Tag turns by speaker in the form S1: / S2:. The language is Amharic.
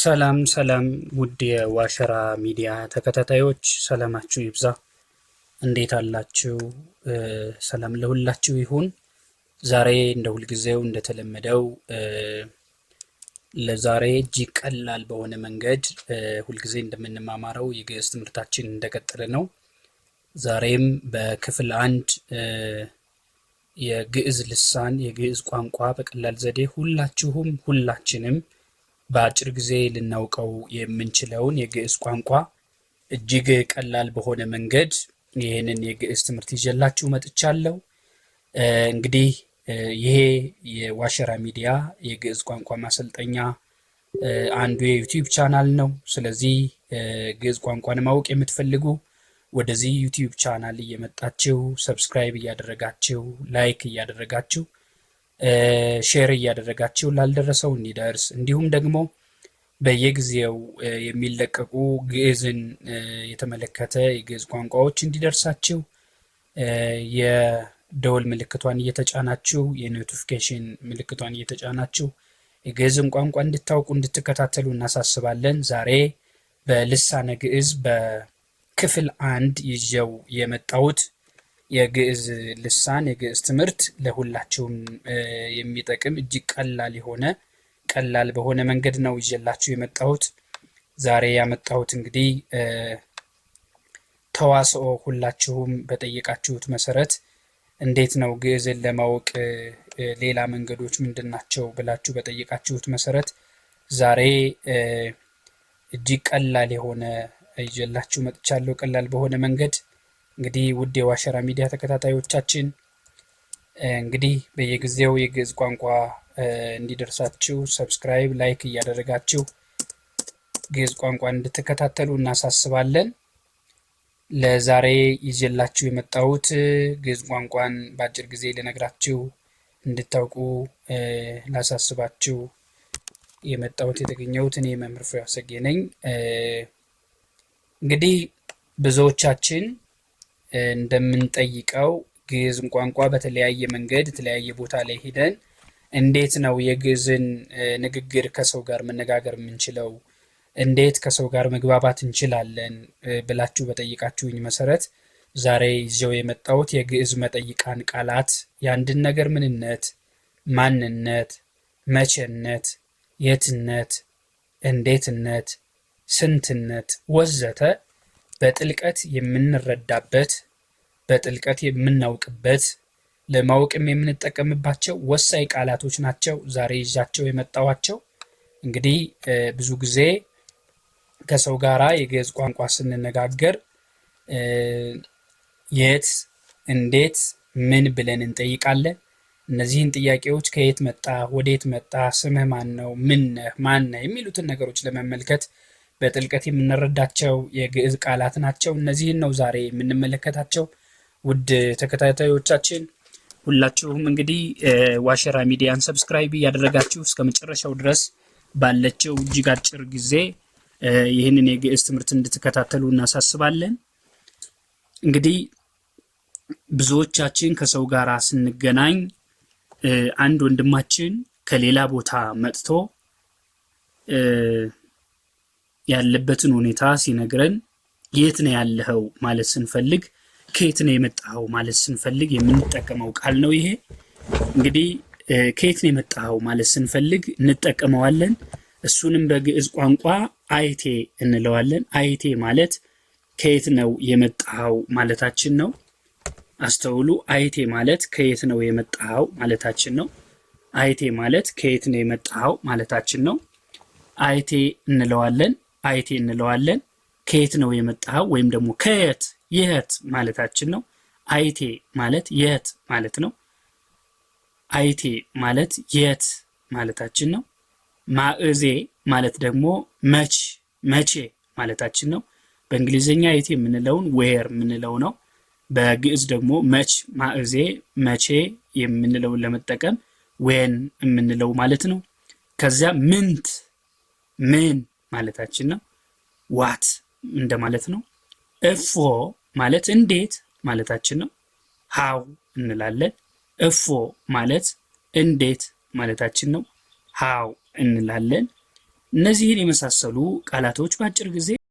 S1: ሰላም ሰላም ውድ የዋሸራ ሚዲያ ተከታታዮች ሰላማችሁ ይብዛ። እንዴት አላችሁ? ሰላም ለሁላችሁ ይሁን። ዛሬ እንደ ሁልጊዜው እንደተለመደው ለዛሬ እጅግ ቀላል በሆነ መንገድ ሁልጊዜ እንደምንማማረው የግዕዝ ትምህርታችን እንደቀጠለ ነው። ዛሬም በክፍል አንድ የግዕዝ ልሳን የግዕዝ ቋንቋ በቀላል ዘዴ ሁላችሁም ሁላችንም በአጭር ጊዜ ልናውቀው የምንችለውን የግዕዝ ቋንቋ እጅግ ቀላል በሆነ መንገድ ይህንን የግዕዝ ትምህርት ይዤላችሁ መጥቻለሁ። እንግዲህ ይሄ የዋሸራ ሚዲያ የግዕዝ ቋንቋ ማሰልጠኛ አንዱ የዩቲዩብ ቻናል ነው። ስለዚህ ግዕዝ ቋንቋን ማወቅ የምትፈልጉ ወደዚህ ዩቲዩብ ቻናል እየመጣችሁ ሰብስክራይብ እያደረጋችሁ ላይክ እያደረጋችሁ ሼር እያደረጋችሁ ላልደረሰው እንዲደርስ እንዲሁም ደግሞ በየጊዜው የሚለቀቁ ግዕዝን የተመለከተ የግዕዝ ቋንቋዎች እንዲደርሳችሁ የደወል ምልክቷን እየተጫናችሁ የኖቲፊኬሽን ምልክቷን እየተጫናችሁ የግዕዝን ቋንቋ እንድታውቁ እንድትከታተሉ እናሳስባለን። ዛሬ በልሳነ ግዕዝ በክፍል አንድ ይዤው የመጣሁት የግዕዝ ልሳን የግዕዝ ትምህርት ለሁላችሁም የሚጠቅም እጅግ ቀላል የሆነ ቀላል በሆነ መንገድ ነው ይዤላችሁ የመጣሁት። ዛሬ ያመጣሁት እንግዲህ ተዋስኦ ሁላችሁም በጠየቃችሁት መሰረት እንዴት ነው ግዕዝን ለማወቅ ሌላ መንገዶች ምንድን ናቸው ብላችሁ በጠየቃችሁት መሰረት ዛሬ እጅግ ቀላል የሆነ ይዤላችሁ መጥቻለሁ። ቀላል በሆነ መንገድ እንግዲህ ውድ የዋሸራ ሚዲያ ተከታታዮቻችን እንግዲህ በየጊዜው የግዕዝ ቋንቋ እንዲደርሳችሁ ሰብስክራይብ፣ ላይክ እያደረጋችሁ ግዕዝ ቋንቋ እንድትከታተሉ እናሳስባለን። ለዛሬ ይዤላችሁ የመጣሁት ግዕዝ ቋንቋን በአጭር ጊዜ ልነግራችሁ እንድታውቁ ላሳስባችሁ የመጣሁት የተገኘሁት እኔ መምህር ፍሬው አሰጌ ነኝ። እንግዲህ ብዙዎቻችን እንደምንጠይቀው ግዕዝን ቋንቋ በተለያየ መንገድ የተለያየ ቦታ ላይ ሄደን እንዴት ነው የግዕዝን ንግግር ከሰው ጋር መነጋገር የምንችለው? እንዴት ከሰው ጋር መግባባት እንችላለን? ብላችሁ በጠይቃችሁኝ መሰረት ዛሬ ይዘው የመጣሁት የግዕዝ መጠይቃን ቃላት የአንድን ነገር ምንነት፣ ማንነት፣ መቼነት፣ የትነት፣ እንዴትነት፣ ስንትነት ወዘተ በጥልቀት የምንረዳበት፣ በጥልቀት የምናውቅበት፣ ለማወቅም የምንጠቀምባቸው ወሳኝ ቃላቶች ናቸው። ዛሬ ይዣቸው የመጣዋቸው እንግዲህ ብዙ ጊዜ ከሰው ጋራ የግዕዝ ቋንቋ ስንነጋገር የት፣ እንዴት፣ ምን ብለን እንጠይቃለን። እነዚህን ጥያቄዎች ከየት መጣ፣ ወዴት መጣ፣ ስምህ ማን ነው፣ ምን ነህ፣ ማን ነህ የሚሉትን ነገሮች ለመመልከት በጥልቀት የምንረዳቸው የግዕዝ ቃላት ናቸው። እነዚህን ነው ዛሬ የምንመለከታቸው። ውድ ተከታታዮቻችን ሁላችሁም እንግዲህ ዋሸራ ሚዲያን ሰብስክራይብ እያደረጋችሁ እስከ መጨረሻው ድረስ ባለችው እጅግ አጭር ጊዜ ይህንን የግዕዝ ትምህርት እንድትከታተሉ እናሳስባለን። እንግዲህ ብዙዎቻችን ከሰው ጋር ስንገናኝ አንድ ወንድማችን ከሌላ ቦታ መጥቶ ያለበትን ሁኔታ ሲነግረን የት ነው ያለኸው ማለት ስንፈልግ፣ ከየት ነው የመጣኸው ማለት ስንፈልግ የምንጠቀመው ቃል ነው ይሄ። እንግዲህ ከየት ነው የመጣኸው ማለት ስንፈልግ እንጠቀመዋለን። እሱንም በግዕዝ ቋንቋ አይቴ እንለዋለን። አይቴ ማለት ከየት ነው የመጣኸው ማለታችን ነው። አስተውሉ። አይቴ ማለት ከየት ነው የመጣኸው ማለታችን ነው። አይቴ ማለት ከየት ነው የመጣኸው ማለታችን ነው። አይቴ እንለዋለን። አይቴ እንለዋለን። ከየት ነው የመጣኸው ወይም ደግሞ ከየት የት ማለታችን ነው። አይቴ ማለት የት ማለት ነው። አይቴ ማለት የት ማለታችን ነው። ማእዜ ማለት ደግሞ መች መቼ ማለታችን ነው። በእንግሊዝኛ አይቴ የምንለውን ዌር የምንለው ነው። በግዕዝ ደግሞ መች፣ ማእዜ፣ መቼ የምንለውን ለመጠቀም ዌን የምንለው ማለት ነው። ከዚያ ምንት ምን ማለታችን ነው። ዋት እንደማለት ነው። እፎ ማለት እንዴት ማለታችን ነው። ሃው እንላለን። እፎ ማለት እንዴት ማለታችን ነው። ሃው እንላለን። እነዚህን የመሳሰሉ ቃላቶች በአጭር ጊዜ